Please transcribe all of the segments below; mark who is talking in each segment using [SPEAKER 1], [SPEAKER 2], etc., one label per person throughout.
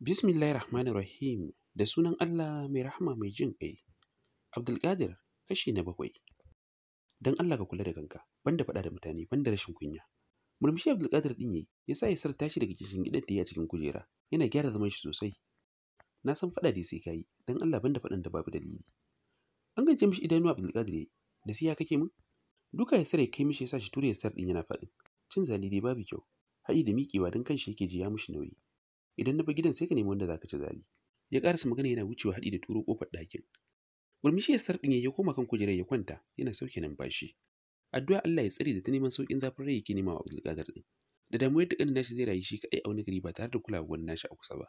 [SPEAKER 1] Bismillahir Rahmanir Rahim da sunan Allah mai rahama mai jin ƙai. Abdulkadir kashi na bakwai. Don Allah ka kula da kanka, banda faɗa da mutane, banda rashin kunya. Murmushi Abdulkadir ɗin ya ya sa ya sar tashi daga cikin gidan da ya cikin kujera, yana gyara zaman shi sosai. Na san faɗa da sai kayi, don Allah banda faɗan da babu dalili. An gaje mishi idanu Abdulkadir da sai ya kake min? duka ya sare kai mishi ya sa shi ture ya sar din yana faɗin cin zali babu kyau haɗi da miƙewa don kanshi yake ji ya mishi nauyi idan na bi gidan sai ka nemi wanda zaka ci zali ya karasa magana yana wucewa haɗi da turo kofar ɗakin burmishi ya sar ya koma kan kujerar ya kwanta yana sauke nan numfashi addu'a Allah ya tsare da ta neman saukin zafin rai yake nema wa Abdulkadir din da damuwar da kanin nashi zai rayu shi kaɗai a wani gari ba tare da kulawar nashi a kusa ba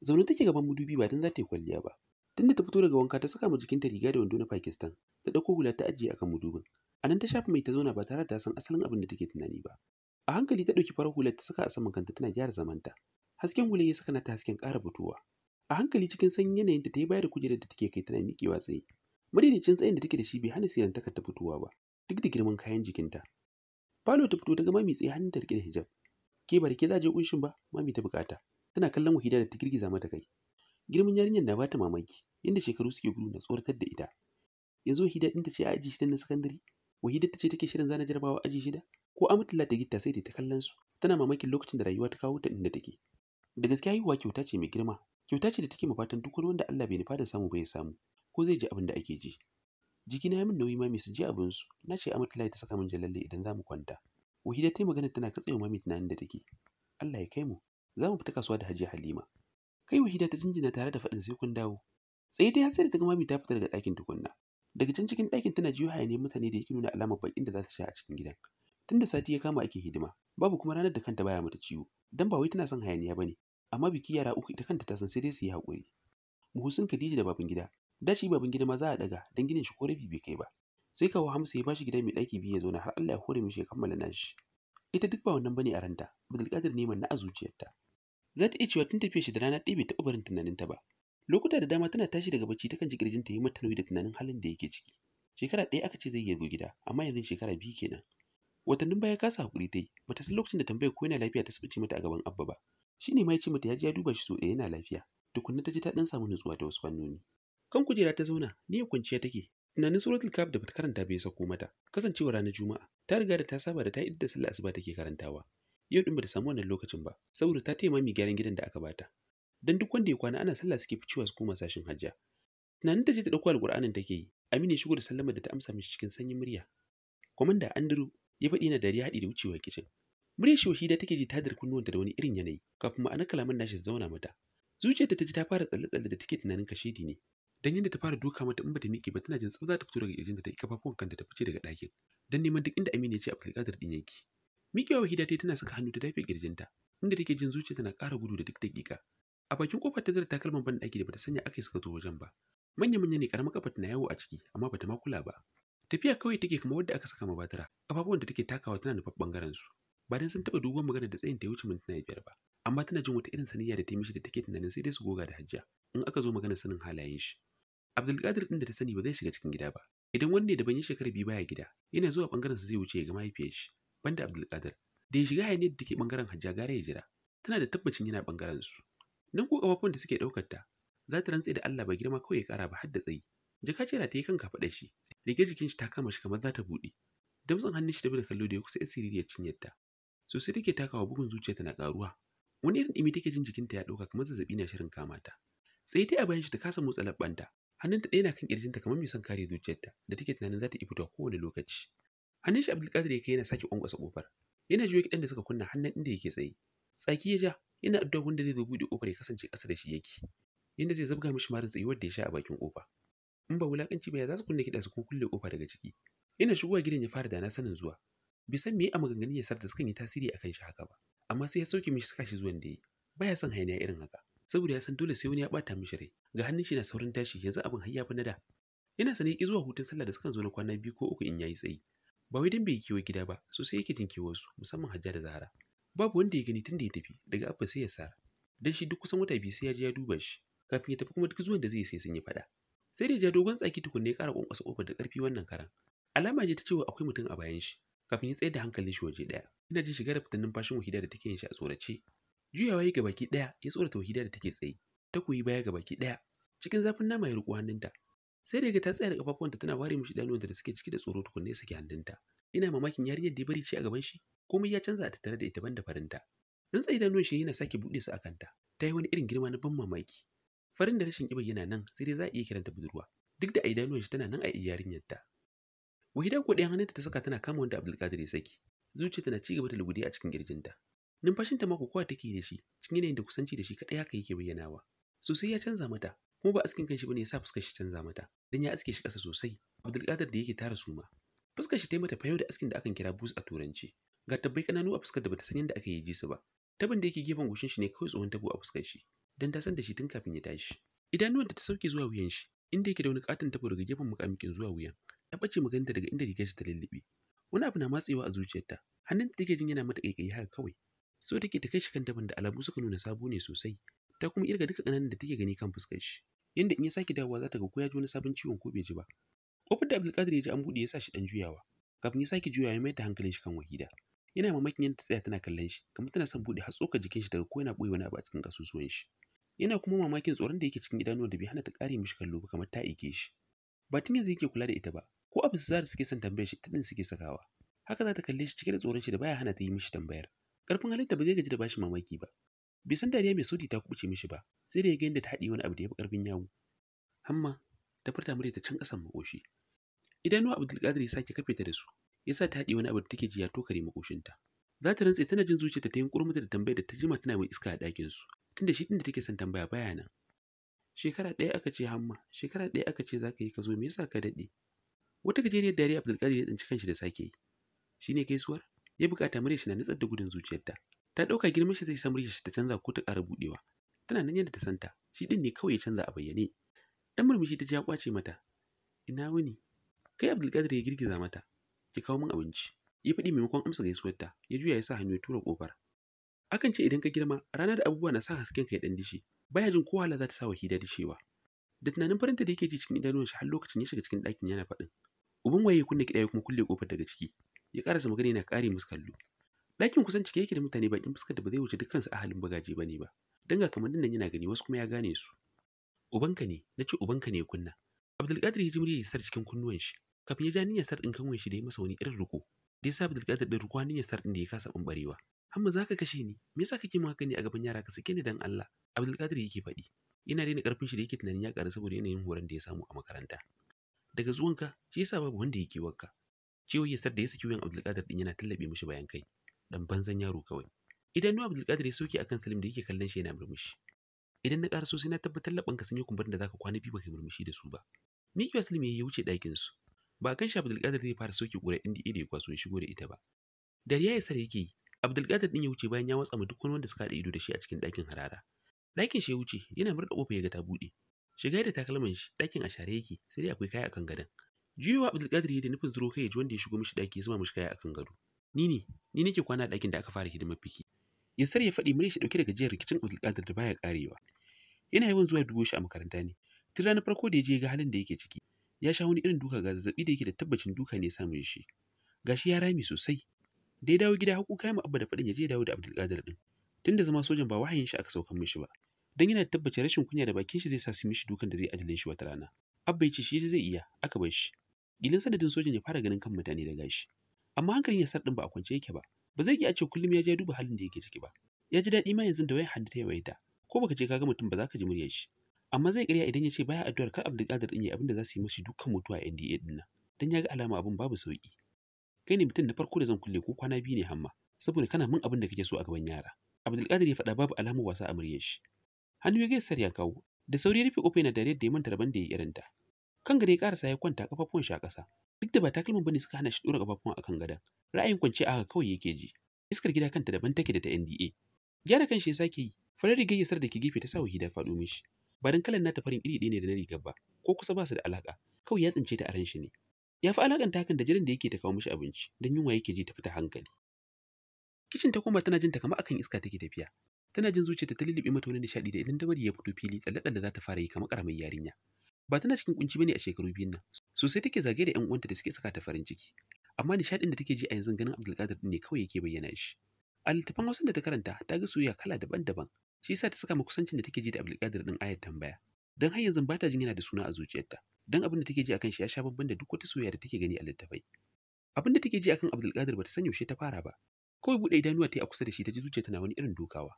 [SPEAKER 1] zaune take gaban madubi ba dan za ta yi kwalliya ba tunda ta fito daga wanka ta saka ma jikinta riga da wando na Pakistan ta ɗauko hula ta ajiye akan mudubin a nan ta shafa mai ta zauna ba tare da ta san asalin abin da take tunani ba a hankali ta ɗauki farar hular ta saka a saman kanta tana gyara zamanta hasken hular ya saka nata hasken ƙara fitowa a hankali cikin sanyin yanayin ta yi baya da kujerar da take kai tana miƙewa tsaye madaidaicin tsayin da take da shi bai hana siran takarda fitowa ba duk da girman kayan jikinta falo ta fito daga mami tsaye hannun ta riƙe da hijab ke ba da ke za je kunshin ba mami ta bukata tana kallon wahida da ta girgiza mata kai girman yarinyar na bata mamaki inda shekaru suke gudu na tsoratar da ita yanzu wahida ɗinta ce a aji shida na sakandare wahida ta ce take shirin zana jarabawa aji shida ko amintala ta gitta sai ta kallon su tana mamakin lokacin da rayuwa ta kawo ta inda take da gaskiya haihuwa kyauta ce mai girma kyauta ce da take mafatan duk wani wanda Allah bai nufa da samu ba ya samu ko zai ji abin da ake ji jiki na min nauyi mami su ji abin su na ce amintala ta saka min jalalle idan za mu kwanta wahida ta yi magana tana katsewa mami tunanin da take Allah ya kai mu za mu fita kasuwa da hajiya halima kai wahida ta jinjina tare da faɗin sai kun dawo sai dai har sai da ta ga mami ta fita daga ɗakin tukunna daga can cikin ɗakin tana jiyo ne mutane da yake nuna alamar baki da za su sha a cikin gidan Tun da sati ya kama ake hidima babu kuma ranar da kanta baya mata ciwo dan ba wai tana son hayaniya bane amma biki yara uku ita kanta ta san sai dai su yi hakuri muhusin Khadija da baban gida dashi baban gida ma za a daga dan ginin shi ko rabi bai kai ba sai kawo Hamsa ya bashi gida mai ɗaki biyu ya zauna har Allah ya hore mishi ya kammala nashi ita duk ba wannan bane a ranta Abdulkadir ne na a zuciyarta za ta iya cewa tun tafiya shi da rana ɗaya bai taɓa barin tunaninta ba lokuta da dama tana tashi daga bacci takan ji kirjin ta yi mata nauyi da tunanin halin da yake ciki shekara ɗaya aka ce zai iya zo gida amma yanzu shekara biyu kenan watannin baya kasa hakuri ta yi bata san lokacin da tambayar ko yana lafiya ta sabace mata a gaban abba ba shi ne ma ya ce mata ya ji ya duba shi so ɗaya yana lafiya tukunna ta ji ta ɗan samu nutsuwa ta wasu fannoni kan kujera ta zauna ni kwanciya take tunanin suratul kaf da bata karanta bai sako mata kasancewa ranar juma'a ta riga da ta saba da ta idda sallah asuba take karantawa yau din bata samu wannan lokacin ba saboda ta taya mami gyaran gidan da aka bata dan duk wanda ya kwana ana sallah suke ficewa su koma sashin hajja tunanin ta je ta dauko alqur'anin take yi Aminu ya shigo da sallama da ta amsa mishi cikin sanyin murya komanda Andrew ya faɗi yana dariya hadi da wucewa kicin muryar shi da take ji ta kunnuwanta da wani irin yanayi kafin ma'ana kalaman nashi zauna mata zuciyarta ta ji ta fara tsalle-tsalle da take tunanin kashe ne dan yadda ta fara duka mata in bata miƙe ba tana jin tsaf za ta fito daga kirjinta ta kafafuwan kanta ta fice daga ɗakin dan neman duk inda Aminu ya ce Abdulkadir din yake miƙewa Wahida tai tana saka hannu ta dafe kirjinta inda take jin zuciyarta na ƙara gudu da duk daƙiƙa a bakin kofar ta zira takalman ban ɗaki da bata sanya aka suka zo wajen ba manya manya ne karamar kafar tana yawo a ciki amma bata ma kula ba tafiya kawai take kamar wadda aka saka ma batara ababuwan da take takawa tana nufar bangaren su ba dan sun taba duban magana da tsayin ta wuce mintuna biyar ba amma tana jin wata irin saniya da ta mishi da take tunanin sai dai su goga da hajja in aka zo magana sanin halayen shi Abdulkadir din da ta sani ba zai shiga cikin gida ba idan ne da ban yi shekara biyu baya gida yana zuwa bangaren su zai wuce ya ga mahaifiyar shi banda Abdulkadir da ya shiga hayaniyar da take bangaren hajjia gara ya jira tana da tabbacin yana bangaren su nan ko kafafun da suke ɗaukar ta za ta rantse da Allah ba girma kawai ya ƙara ba har da tsayi jaka ce ta yi kanka faɗa shi rige jikin shi ta kama shi kamar za ta buɗe damtsin hannun shi da da kallo da ya kusa asiri ya cinyar ta sosai take takawa bugun zuciyarta na ƙaruwa wani irin ɗimi take jin jikinta ya ɗauka kamar zazzaɓi na shirin kama ta tsaye ta a bayan shi ta kasa motsa labbanta hannunta ɗaya na kan ƙirjinta kamar mai son kare zuciyarta da take tunanin za ta fito kowane lokaci hannun shi abdulkadir ya kai yana sake kwankwasa kofar yana juyo kiɗan da suka kunna hannun inda yake tsaye tsaki ya ja yana addu'a wanda zai zo buɗe ƙofar ya kasance ƙasa da shi yake yanda zai zabga mishi marin tsayuwar da ya sha a bakin ƙofa in ba wulaƙanci ba ya za su kunna kiɗa su kuma kulle ƙofa daga ciki yana shigowa gidan ya fara dana sanin zuwa bai san me a maganganun ya da sukan yi tasiri akan shi haka ba amma sai ya sauke mishi suka shi zuwan da yi baya son hayaniya irin haka saboda ya san dole sai wani ya ɓata mishi rai ga hannun shi na saurin tashi yanzu abin har ya fi na da yana sane ki zuwa hutun sallah da sukan zo na kwana biyu ko uku in yayi tsayi ba wai dan bai kiwo gida ba sosai yake jin musamman hajja da zahara babu wanda ya gani tun da ya tafi daga abba sai ya sara dan shi duk kusan wata biyu sai ya je ya duba shi kafin ya tafi kuma duk zuwan da zai sai sun yi fada sai da ja dogon tsaki tukunne ya kara kwankwasa kofar da karfi wannan karan alama ce ta cewa akwai mutum a bayan shi kafin ya tsayar da hankalin shi waje daya ina jin shiga da fitan numfashin wahida da take yin shi a tsorace juyawa ya gabaki daya ya tsorata wahida da take tsaye ta koyi baya gabaki daya cikin zafin nama ya riko hannunta sai da ta tsaya da kafafuwanta tana ware mishi idanuwanta da suke ciki da tsoro tukunne suke hannunta ina mamakin yarinyar da ya bari ce a gaban shi komai ya canza a tattare da ita banda farinta rantsa idanuwan shi yana sake buɗe su a kanta ta yi wani irin girma na ban mamaki farin da rashin kiba yana nan sai dai za a iya kiranta budurwa duk da a idanuwan shi tana nan a yarinyar ta wahida ko ɗayan hannunta ta saka tana kama wanda abdulkadir ya saki zuciya tana ci gaba da lugude a cikin girjinta numfashinta mako kowa take da shi cikin yanayin da kusanci da shi kaɗai haka yake bayyanawa sosai ya canza mata kuma ba askin kanshi bane yasa fuskar shi canza mata dan ya aske shi kasa sosai Qadir da yake tara suma fuskar shi ta mata fayo da askin da akan kira bus a turanci ga tabbai kananu a fuskar da bata san yadda aka yi ji su ba tabin da yake gefen goshin shi ne kawai tsohon tabo a fuskar shi dan ta san da shi tun kafin ya tashi idanuwanta ta sauke zuwa wuyan shi inda yake da wani katon tabo daga gefen mukamikin zuwa wuyan ta bace maganta daga inda rigar ta lullube wani abu na matsewa a zuciyarta hannunta take jin yana mata kaikayi haka kawai so take ta kai shi kan tabin da alamu suka nuna sabo ne sosai ta kuma irga duka ƙananan da take gani kan fuskar shi yanda in ya sake dawowa za ta ga ko ya ji wani sabon ciwon ko bai ji ba kofar da Abdulkadir ya ji an buɗe ya sa shi ɗan juyawa kafin ya sake juyawa ya mayar da hankalin shi kan wahida yana mamakin yadda ta tsaya tana kallon shi kamar tana son buɗe hatsokar jikin shi daga ko yana ɓoye wani abu a cikin kasusuwan shi yana kuma mamakin tsoron da yake cikin idanuwa da bai hana ta ƙare mishi kallo ba kamar ta aike shi ba tun yanzu yake kula da ita ba ko abu su zara suke son tambayar shi ta ɗin suke sakawa haka za ta kalle shi cike da tsoron shi da baya hana ta yi mishi tambayar ƙarfin halitta ba zai gaji da bashi mamaki ba bai san dariya mai sauti ta kuɓuce mishi ba sai da ya ga yadda ta haɗi wani abu da ya fi ƙarfin yawo. hamma ta furta murya ta can ƙasan makoshi idanuwa abdulkadir ya sake kafe ta da su ya sa ta haɗi wani abu da take jiya tokare makoshinta za ta rantse tana jin zuciyarta ta yin mata da tambayar da ta jima tana mai iska a ɗakin su tunda shi ɗin da take son tambaya baya nan shekara ɗaya aka ce hamma shekara ɗaya aka ce za ka yi ka zo me yasa ka daɗe wata gajeriyar dariya abdulkadir ya tsinci kanshi da sake yi ne gaisuwar ya bukata murya shi na nutsar da gudun zuciyarta ta ɗauka girman shi zai samar shi ta canza ko ta ƙara buɗewa tana nan yadda ta santa shi ɗin ne kawai ya canza a bayyane ɗan murmushi ta ji ya ƙwace mata ina wuni kai abdulkadir ya girgiza mata ki kawo min abinci ya faɗi maimakon amsa gaisuwarta ya juya ya sa hannu ya tura ƙofar akan ce idan ka girma rana da abubuwa na sa hasken ka ya ɗan dishe baya jin ko hala za ta sa wahida dishewa da tunanin farinta da yake ji cikin idanuwan shi har lokacin ya shiga cikin ɗakin yana faɗin Ubin waye kunna kiɗa ya kuma kulle ƙofar daga ciki ya ƙarasa magana yana ƙare musu kallo Ɗakin kusan cike yake da mutane bakin fuskar da ba zai wuce dukkansu halin bagaje ba ne ba. Dan ga kamar nan yana gani wasu kuma ya gane su. Uban ka ne, na ce ubanka ne kunna. Abdulkadir ya ji muryar sar cikin kunnuwan shi. Kafin ya ja niyyar sar ɗin kanwan shi da ya masa wani irin riko. Da ya sa Abdulkadir ɗin riko niyyar sar ɗin da ya kasa ɓambarewa. Hamma za ka kashe ni, me yasa kake min haka ne a gaban yara ka sake ni dan Allah? Abdulkadir yake faɗi. Yana daina ƙarfin shi da yake tunanin ya ƙaru saboda yanayin horon da ya samu a makaranta. Daga zuwanka, shi yasa babu wanda yake wakka. Ciwo ya sar da ya saki wuyan Abdulkadir ɗin yana tallabe mishi bayan kai. dan banzan yaro kawai idanu abdulkadir ya soke akan salim da yake kallon shi yana murmushi idan na karaso sai na tabbatar labanka sun yi kumburin da zaka kwana biyu baka murmushi da su ba mikiwa salim ya wuce ɗakin su ba kan shi abdulkadir zai fara soke ƙura inda ido ya kwaso shigo da ita ba dariya ya sare yake yi abdulkadir din ya wuce bayan ya watsa ma duk wani wanda suka haɗa ido da shi a cikin ɗakin harara ɗakin shi ya wuce yana murɗa ƙofa ya ga ta buɗe shiga da takalman shi ɗakin a share yake sai dai akwai kaya akan gadon juyowa abdulkadir ya da nufin zuro kai ya ji wanda ya shigo mishi ɗaki ya zuma mishi kaya akan gado Ni ne, ni nake kwana a ɗakin da aka fara hidimar biki. Ya sar ya faɗi murya shi ɗauke da gajiyar rikicin Abdulkadir da baya ƙarewa. Yana yawan zuwa dubo shi a makaranta ne. Tun ranar farko da ya je ga halin da yake ciki, ya sha wani irin duka ga zazzaɓi da yake da tabbacin duka ne samun shi. Gashi ya rame sosai. Da ya dawo gida haƙu ma abba da faɗin ya je dawo da Abdulkadir ɗin. Tunda zama sojan ba wahayin shi aka saukan mishi ba. Dan yana da tabbacin rashin kunya da bakin shi zai sa su mishi dukan da zai ajiye shi wata rana. Abba ya ce shi zai iya, aka bar shi. Gilin sadadin sojan ya fara ganin kan mutane da gashi. amma hankalin ya sarɗin ba a kwance yake ba ba zai iya ce kullum ya je duba halin da yake ciki ba ya ji daɗi ma yanzu da wayar hannu ta yi ta. ko baka je ka ga mutum ba za ka ji muryar shi amma zai ƙarya idan ya ce baya addu'ar kar Abdulkadir din ya abin da za su yi mashi dukkan mutuwa a NDA din nan dan ya ga alama abin babu sauki kai ne mutum na farko da zan kulle ko kwana biyu ne hamma saboda kana min abin da kake so a gaban yara Abdulkadir ya faɗa babu alamar wasa a muryar shi hannu ya gaisar ya kawo da sauri rufe kofa yana da da ya manta rabon da ya irinta kan gare ya karasa ya kwanta kafafuwan shi a ƙasa duk da ba takalman bane suka hana shi dora kafafuwan akan gada, ra'ayin kwance a haka kawai yake ji iskar gida kanta daban take da ta NDA gyara kanshi ya sake yi farar rigar yasar da ke gefe ta sa wahida faɗo mishi ba dan kalan nata farin iri ɗaya ne da na rigar ba ko kusa ba su da alaka kawai ya tsince ta a ran shi ne ya fi ta hakan da jiran da yake ta kawo mishi abinci don yunwa yake ji ta fita hankali kicin ta koma tana jin ta kamar akan iska take tafiya tana jin zuciyarta ta lulluɓe mata wani nishaɗi da idan dabari ya fito fili tsalle-tsalle za ta fara yi kamar ƙaramin yarinya ba tana cikin kunci bane a shekaru biyun nan sosai take zage da yan uwanta da suke saka ta farin ciki amma nishadin da take ji a yanzu ganin Abdulkadir ne kawai yake bayyana shi a littafin wasan da ta karanta ta ga soyayya kala daban-daban shi yasa ta saka ma kusancin da take ji da Abdulkadir din ayat tambaya dan har yanzu ba ta jin yana da suna a zuciyarta dan abin da take ji akan shi ya sha babban da duk wata soyayya da take gani a littafai abin da take ji akan Abdulkadir bata san yaushe ta fara ba kawai bude idanuwa ta yi a kusa da shi ta ji zuciyarta na wani irin dukawa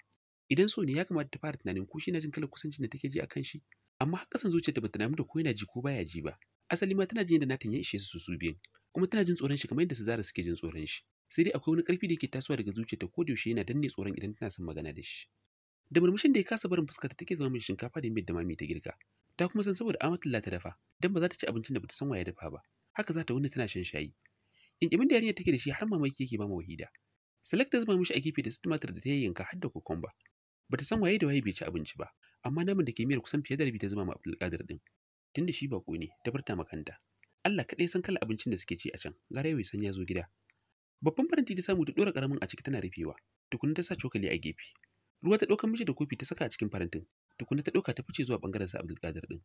[SPEAKER 1] idan so ne ya kamata ta fara tunanin ko shi na jin kalar kusancin da take ji akan shi amma har kasan zuciyarta bata damu da ko yana ji ko baya ji ba asali ma tana jin da natin ya ishe su su biyun kuma tana jin tsoron shi kamar yadda su zara suke jin tsoron shi sai dai akwai wani karfi da yake tasowa daga ta ko da yaushe yana danne tsoron idan tana son magana da shi da murmushin da ya kasa barin fuskarta take zama mai shinkafa da miyar da mami ta girka ta kuma san saboda amatullah ta dafa dan ba za ta ci abincin da bata san waye dafa ba haka za ta wuni tana shan shayi kimin da yarinya take da shi har mamaki yake ba wahida select ta zuba mishi a gefe da tumatir da ta yayyanka har da kokomba bata san waye da waye bai ci abinci ba amma naman da ke miyar kusan fiye da rabi ta zama ma Abdulkadir din tunda shi bako ne ta furta makanta Allah kaɗai san kala abincin da suke ci a can gara yau san ya zo gida babban faranti ta samu ta dora karamin a ciki tana rufewa tukunna ta sa cokali a gefe ruwa ta ɗaukar mishi da kofi ta saka a cikin farantin tukunna ta ɗauka ta fice zuwa bangaren sa Abdulkadir din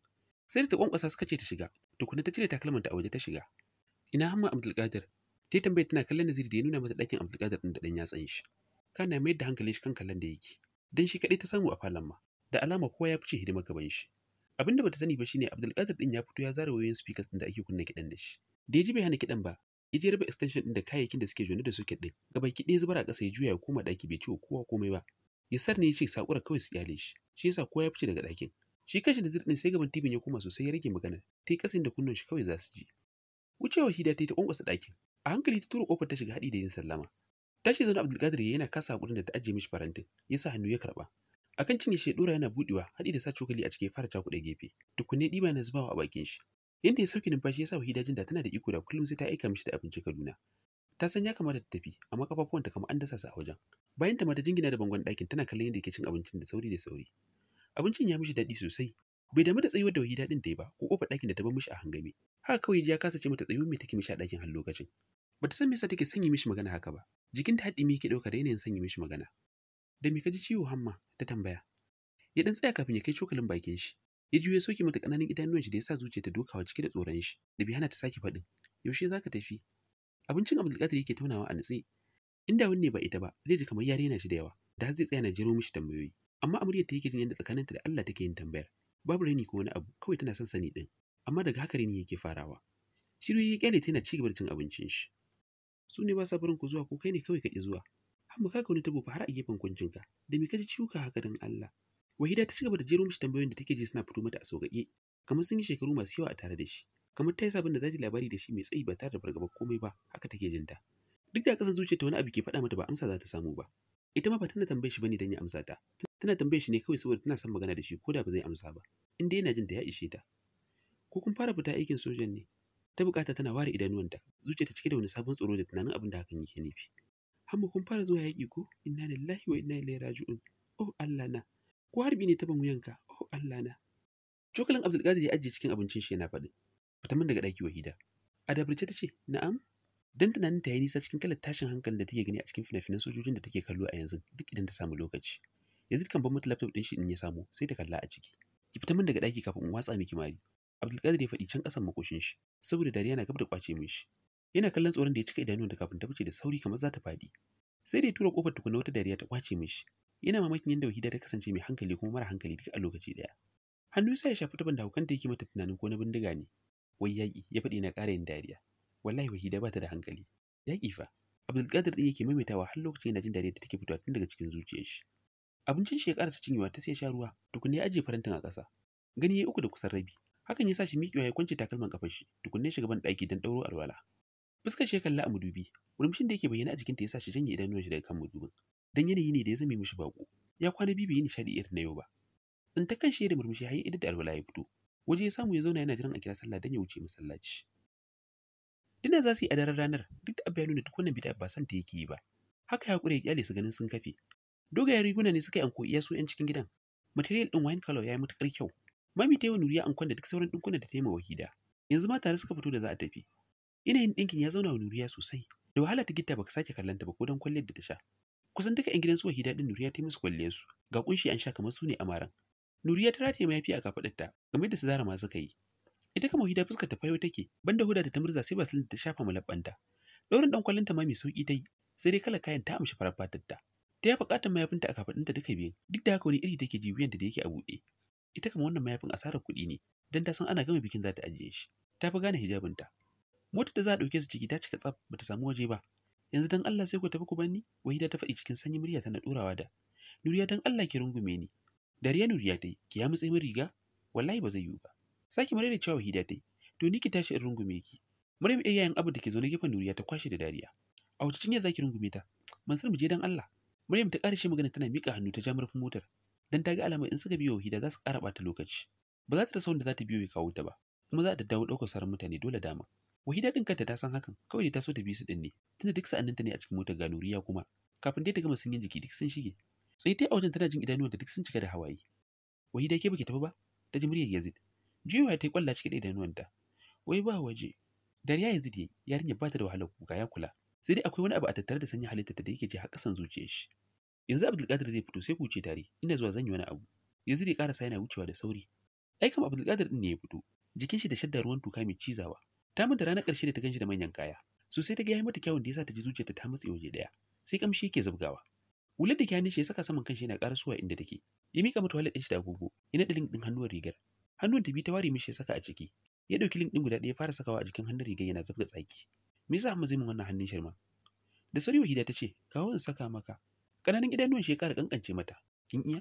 [SPEAKER 1] sai da ta kwankwasa suka ce ta shiga tukunna ta cire ta a waje ta shiga ina hamma Abdulkadir ta tambaye tana kallon Nazir da ya nuna mata ɗakin Abdulkadir din da ɗan yatsan shi kana mayar da hankali shi kan kallon da yake Don shi kaɗai ta samu a falon ma da alama kowa ya fice hidima gaban shi abinda bata sani ba shine Abdulkadir din ya fito ya zara wayoyin speakers din da ake kunna kidan da shi da ya ji bai hana kidan ba ya je raba extension din da kayayyakin da suke jone da suke din Gaba ki ɗaya zubar a ƙasa ya juya ya koma ɗaki bai ciwo kowa komai ba Ya sar ne ya ce sakura kawai su kyale shi shi yasa kowa ya fice daga ɗakin shi kashi da zirɗin sai gaban tibin ya koma sosai ya rage magana. ta yi ƙasa inda kunnan shi kawai za su ji wucewa hida ta yi ta ɗakin a hankali ta tura ƙofar ta shiga haɗi da yin sallama Tashi zaune Abdulkadir yana kasa gurin da ta ajiye mishi farantin, ya sa hannu ya karɓa. Akan cinye shi ɗora yana buɗewa, haɗi da sa cokali a cike fara cakuɗe gefe. Tukunne ɗiba na zubawa a bakin shi. Yadda ya sauke numfashi ya sa Wahida jin da tana da iko da kullum sai ta aika mishi da abinci Kaduna. Ta san ya kamata ta tafi, amma ta kamar an dasa su a wajen. Bayan ta mata jingina da bangon ɗakin tana kallon yadda yake cin abincin da sauri da sauri. Abincin ya mishi daɗi sosai, bai damu da tsayuwar da Wahida ɗin ta yi ba, ko kofar ɗakin da ta bar mishi a hangame. Haka kawai ya kasa ce mata tsayuwar me take mishi a ɗakin har lokacin. Bata san me yasa take sanya mishi magana haka ba, jikin ta haɗimi yake ɗauka da yanayin sanya mishi magana da me ka ji ciwo hamma ta tambaya ya ɗan tsaya kafin ya kai cokalin bakin shi ya juya soke mata ƙananan idanuwan shi da ya sa zuciya ta dokawa cike da tsoron shi da bai hana ta sake faɗin yaushe za ka tafi abincin abdulkadir yake taunawa a nutse inda wani ne ba ita ba zai ji kamar yare na shi da yawa da har zai tsaya na jero mishi tambayoyi amma amaryar ta yake jin yadda tsakaninta da Allah take yin tambayar babu raini ko wani abu kawai tana son sani ɗin. amma daga haka raini yake farawa shiru ya kyale tana yana cigaba da cin abincin shi su ne ba sa barin ku zuwa ko kai ne kawai ka zuwa har mu kaka wani tabo fa har a gefen kuncinka da me ka ji ciwuka haka dan Allah wahida ta cigaba da jero mishi tambayoyin da take ji suna fito mata a sauƙaƙe kamar sun yi shekaru masu yawa a tare da shi kamar ta yi sabon da za ta labari da shi mai tsayi ba tare da fargaba komai ba haka take jin ta duk da kasan zuciyarta wani abu ke faɗa mata ba amsa za ta samu ba ita ma ba tana tambaye shi bane dan ya amsa ta tana tambaye shi ne kawai saboda tana son magana da shi ko da ba zai amsa ba Inda yana jin da ya ishe ta ko kun fara fita aikin sojan ne ta bukata tana ware idanuwanta zuciya ta cike da wani sabon tsoro da tunanin abin da hakan yake nufi hamma kun fara zuwa yaƙi ko inna lillahi wa inna ilaihi raji'un oh Allah na ko harbi ne ta ban wuyanka oh Allah na cokalin Abdulkadir ya ajiye cikin abincin shi yana faɗin fita min daga ɗaki wahida a dabarce ta ce na'am dan tunanin ta yi nisa cikin kalar tashin hankalin da take gani a cikin fina-finan sojojin da take kallo a yanzu duk idan ta samu lokaci yanzu kan ban mata laptop din shi in ya samu sai ta kalla a ciki ki fita daga ɗaki kafin in watsa miki mari Abdulkadir ya faɗi can ƙasan makoshin shi saboda dare na gab da kwace mishi. Yana kallon tsoron da ya cika idanun da kafin ta fice da sauri kamar za ta faɗi. Sai da ya tura kofar tukuna wata dariya ta kwace mishi. Yana mamakin yadda Wahida ta kasance mai hankali kuma mara hankali duk a lokaci daya Hannu sai ya shafi taban da hukanta yake mata tunanin ko na bindiga ne. Wai yaƙi ya faɗi na ƙara yin dariya. Wallahi Wahida ba ta da hankali. Yaƙi fa. Abdulkadir din yake maimaitawa har lokacin yana jin dariya da take fitowa tun daga cikin zuciyar shi. Abincin shi ya karasa cinyewa ta sai sha ruwa, tukunna ya ajiye farantin a ƙasa. Gani yayi uku da kusan rabi, hakan ya sa shi miƙewa ya eh, kwance takalman kafar shi tukunne shiga ɗaki don ɗauro alwala fuskar shi ya kalla a madubi murmushin da yake bayyana a jikinta ya sa shi janye idanuwan shi daga kan madubin dan yanayi ne da ya zame mishi baƙo. ya kwana biyu bai yi nishaɗi irin na yau ba kan shi da murmushi har idan da alwala ya fito waje ya samu ya zauna yana jiran a kira sallah dan ya wuce masallaci dina za su yi a daren ranar duk da abu ya nuna duk wannan bid'a ba san ta yake yi ba haka ya ƙure ya kyale su ganin sun kafe dogayen riguna ne suka yi anko iya su yan cikin gidan material ɗin wine color ya yi matuƙar kyau Mami ta yi wa Nuriya ankon da duk sauran ɗinkunan da ta yi ma Wahida. Yanzu ma tare suka fito da za a tafi. Yanayin ɗinkin ya zauna wa Nuriya sosai. Da wahala ta gitta baka sake kallon ta ba ko don kwalliyar da ta sha. Kusan duka 'yan gidan su Wahida din Nuriya ta yi musu kwalliyar su. Ga kunshi an sha kamar su ne amaran. Nuriya ta rataye mayafi a kafaɗarta game da su zara ma suka yi. Ita kama Wahida fuskar ta fayo take, banda huda da ta murza sai basilin ta shafa Ɗaurin ɗan kwallon kwallonta ma mai ta yi, sai dai kala kayan ta amshi farar ta Ta ya bukatar mayafinta a kafaɗinta duka biyun, duk da haka wani iri take ji wuyanta da yake a buɗe. ita kamar wannan mayafin asarar kuɗi ne don ta san ana gama bikin za ta ajiye shi ta fi gane hijabinta motar da za a ɗauke su ciki ta cika tsaf bata samu waje ba yanzu dan Allah sai ku tafi ku banni wahida ta faɗi cikin sanyi murya tana ɗorawa da nuriya dan Allah ki rungume ni dariya nuriya ta yi, ki ya min riga wallahi ba zai yiwu ba saki mare da cewa wahida ta to ni ki tashi in rungume ki Maryam mai yayin abu da ke zaune gefen Nuriya ta kwashe da dariya. A wuce cinya zaki rungume ta. Mansur mu je dan Allah. Maryam ta ƙarshe magana tana miƙa hannu ta ja murfin motar. dan ta ga alamai in suka biyo hida za su ƙara ɓata lokaci ba za ta rasa da za ta biyo ya kawo ta ba kuma za ta dawo ɗaukar sauran mutane dole dama wahida ɗin kanta ta san hakan kawai ta so ta bi su din ne tunda duk sa'anninta ne a cikin motar ganuriya kuma kafin dai ta gama sanyin jiki duk sun shige sai ta a wajen tana jin idanuwan da duk sun cika da hawaye wahida ke baki tafi ba ta ji muryar yazid jiwa ta yi kwalla cikin idanuwanta wai ba waje dariya yazid yayi yarinya ba ta da wahalar kuka ya kula sai dai akwai wani abu a tattare da sanya halitta da yake ji har kasan zuciyar shi yanzu abdulkadir zai fito sai ku wuce tare ina zuwa zan yi wani abu yanzu dai karasa yana wucewa da sauri ai kam abdulkadir din ne ya fito jikin shi da shaddar ruwan tuka mai cizawa ta manta ranar ƙarshe da ta ganshi da manyan kaya Sosai ta ga ya mata kyawun da ya sa ta ji zuciyarta ta matse waje daya sai kamshi yake zubgawa hular da kyanin shi ya saka saman kanshi yana ƙara suwa inda take ya mika mata wallet shi da agogo ya naɗa link ɗin hannuwar rigar hannun ta biyu ta ware mishi ya saka a ciki ya ɗauki link ɗin guda ɗaya fara sakawa a jikin hannun rigar yana zubga tsaki me yasa amma zai mun wannan hannun shirma da sauri wahida ta ce kawo in saka maka Kananan idanuwan shi ya mata kin iya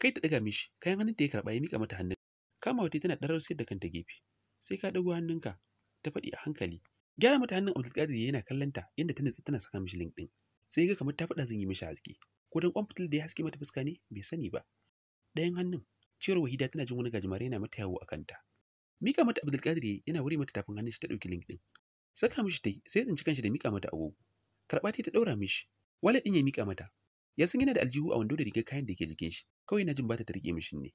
[SPEAKER 1] kai ta ɗaga mishi kayan hannun da ya karɓa ya miƙa mata hannun kama wata tana ɗarar sai da kanta gefe sai ka ɗago hannunka ta faɗi a hankali gyara mata hannun Abdulkadir yana kallon ta yadda ta nutsu tana saka mishi link ɗin sai ga kamar ta faɗa zan yi mishi haske ko dan kwan fitil da ya haske mata fuska ne bai sani ba ɗayan hannun cewar wahida tana jin wani gajimare yana mata yawo a kanta mika mata abdulkadir yana wuri mata tafin hannun shi ta ɗauki link ɗin saka mishi tai sai tsinci kanshi da mika mata agogo karɓa ta ɗaura mishi wale ɗin ya mika mata ya san yana da aljihu a wando da rigar kayan da ke jikin shi kawai na jin bata ta rike mishi ne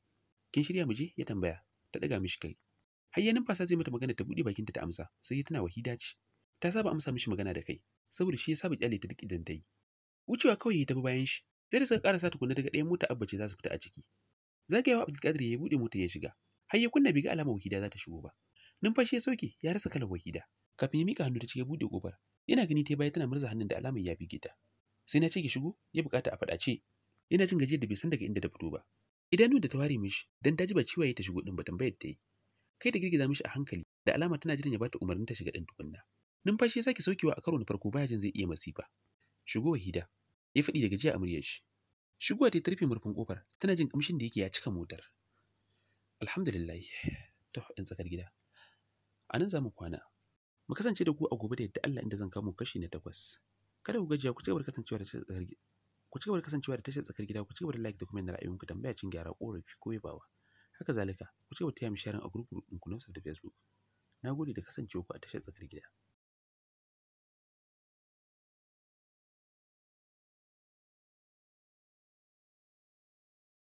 [SPEAKER 1] kin shirya mu je ya tambaya ta daga mishi kai har ya numfasa zai mata magana ta bude bakinta ta amsa sai ya tana wahida ce ta saba amsa mishi magana da kai saboda shi ya saba kyale ta duk idan ta wucewa kawai ya tafi bayan shi sai da suka karasa tukunna daga ɗayan mota abba ce za su fita a ciki zagayawa abdulkadir ya buɗe mota ya shiga har ya kunna biga alama wahida za ta shigo ba numfashi ya sauke ya rasa kalar wahida kafin ya mika hannu ta ci ya buɗe gobar yana gani ta baya tana murza hannun da alamar ya bige ta sai na ce ki shigo ya bukata a faɗace ina jin gajiyar da bai san daga inda ta fito ba idanu da ta ware mishi dan ta ji ba ciwaye ta shigo din ba tambayar ta yi kai da girgiza mishi a hankali da alama tana jiran ya bata umarnin ta shiga din tukunna numfashi ya sake saukewa a karo na farko baya jin zai iya masifa shigo hida ya faɗi da gajiya a muryar shi shigo ta tarfe murfin kofar tana jin kamshin da yake ya cika motar alhamdulillah to in tsakar gida anan zamu kwana mu kasance da ku a gobe da yadda Allah inda zan kamo kashi na takwas kada ku gajiya ku cigaba da kasancewa da tashar tsakar gida ku cigaba da kasancewa da tashar tsakar gida ku cigaba da like da comment da ra'ayoyinku tambaya cin gyara korafi ko yabawa haka zalika ku cigaba da taya mu sharing a group ɗinku na da Facebook na gode da kasancewa ku a tashar tsakar gida